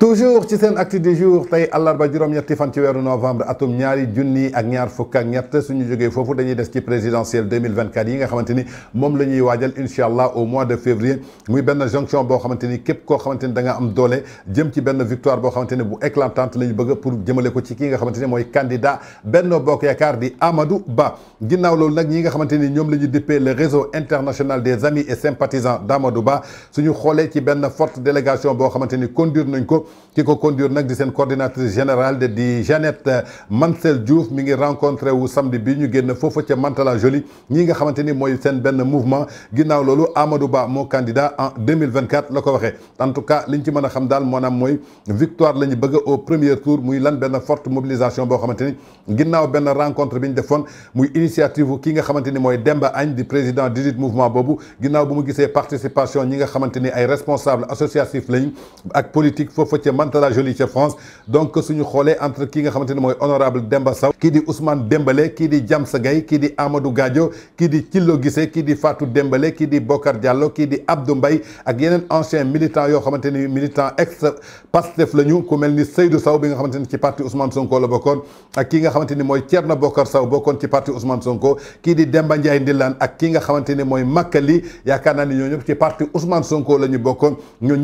toujours ci seen acte du jour tey àllarba juróom-ñetti fan ci weeru novembre atum ñaari junni ak ñaar fukk ak ñett suñu jógee foofu dañuy des ci présidentielle 2024 yi nga xamante ni moom la ñuy au mois de février muy benn jonction boo xamante ni képp koo xamante ni da nga am doole jëm ci benn victoire boo xamante ni bu éclatante la bëgg pour jëmale ko ci kii nga xamante ni mooy candidat Benno Bokk Yaakaar di Amadou Ba ginnaaw loolu nag ñi nga xamante ni ñoom la ñu dippee le réseau international des amis et sympathisants d'Amadou Ba suñu xoolee ci benn forte délégation boo xamante conduire nañ ko qui ko conduit nak di seen coordinatrice générale de di Jeannette euh, Mansel Diouf mi ngi rencontré wu samedi bi ñu génn foofu ca Mantala Jolie ñi nga xamanteni moy sen ben mouvement ginnaw lolu Amadou Ba mo candidat en 2024 lako ko en tout cas liñ ci mëna xam dal monam moy victoire lañu bëgg au premier tour muy lan ben forte mobilisation bo xamanteni ginnaw ben rencontre biñ defone muy initiative ki nga xamanteni moy Demba Agne di président du mouvement bobu ginnaw bu mu gisee participation ñi nga xamanteni ay responsable associatif lañ ak politique foofu ca Mantes la Jolie ca France donc suñu xoolee entre ki nga xamante ne mooy honorable Demba Sow kii di Ousmane Dembélé kii di Diamsa Gueye kii di Amadou Gadio kii di Thilo Guissé kii di Fatou Dembélé kii di Bokar Diallo kii di Abdou Mbaye ak yeneen anciens militants yoo xamante ni militants ex Pastef la ñu ku mel ni Seydou Sow bi nga xamante ni ci parti Ousmane Sonko la bokkoon ak ki nga xamante ni mooy Thierno Bokar Sow bokkoon ci parti Ousmane Sonko kii di Demba Ndiaye Ndilane ak ki nga xamante ni mooy Makali yaakaar naa ni ñoo ñëpp ci parti Ousmane Sonko la ñu bokkoon ñoo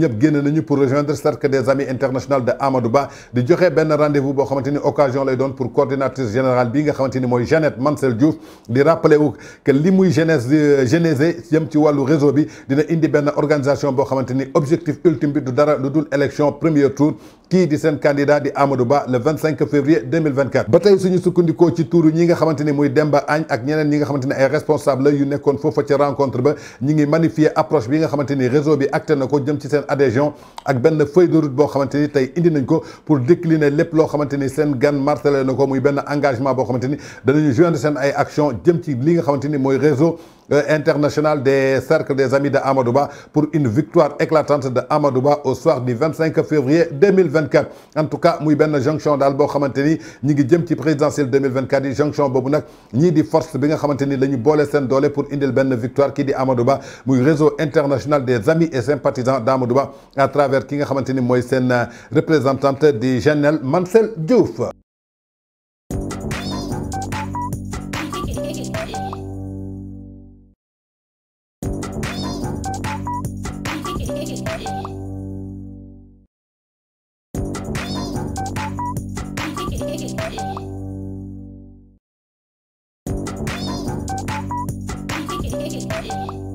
international de Amadouba de di Ben rendez-vous pour une occasion lay pour coordinatrice générale bi Jeannette Mansel Diouf de rappeler que li si genèse euh, genèse le ci réseau bi dina organisation pour objectif ultime de l'élection élection premier tour qui di seen candidat di Amadou Ba le 25 février 2024 ba tey suñu sukkandikoo ci tuuru ñi nga xamante ni Demba Agne ak ñeneen ñi nga ay responsable la yu nekkoon foofa ci rencontre ba ñi ngi magnifier approche bi nga xamanteni réseau bi acte nako jëm ci sen adhésion ak benn feuille de route bo xamanteni tay indi nañ ko pour décliner lepp lo xamanteni sen gan martelé nako ko muy benn engagement bo xamanteni ni joindre sen ay action jëm ci li nga xamanteni moy réseau euh, international des cercles des amis de Amadou pour une victoire éclatante de Amadou au soir du 25 février 2024 2024 en tout cas muy une jonction dal bo xamanteni ni ñi ngi jëm ci présidentielle 2024 jonction bobu nak ñi di force bi nga xamanteni Les boole pour indil ben victoire qui di Amadou Ba muy réseau international des amis et sympathisants d'Amadou Ba à travers ki nga xamanteni moy sen euh, représentante di jeunes, Mansel Diouf. Thank you.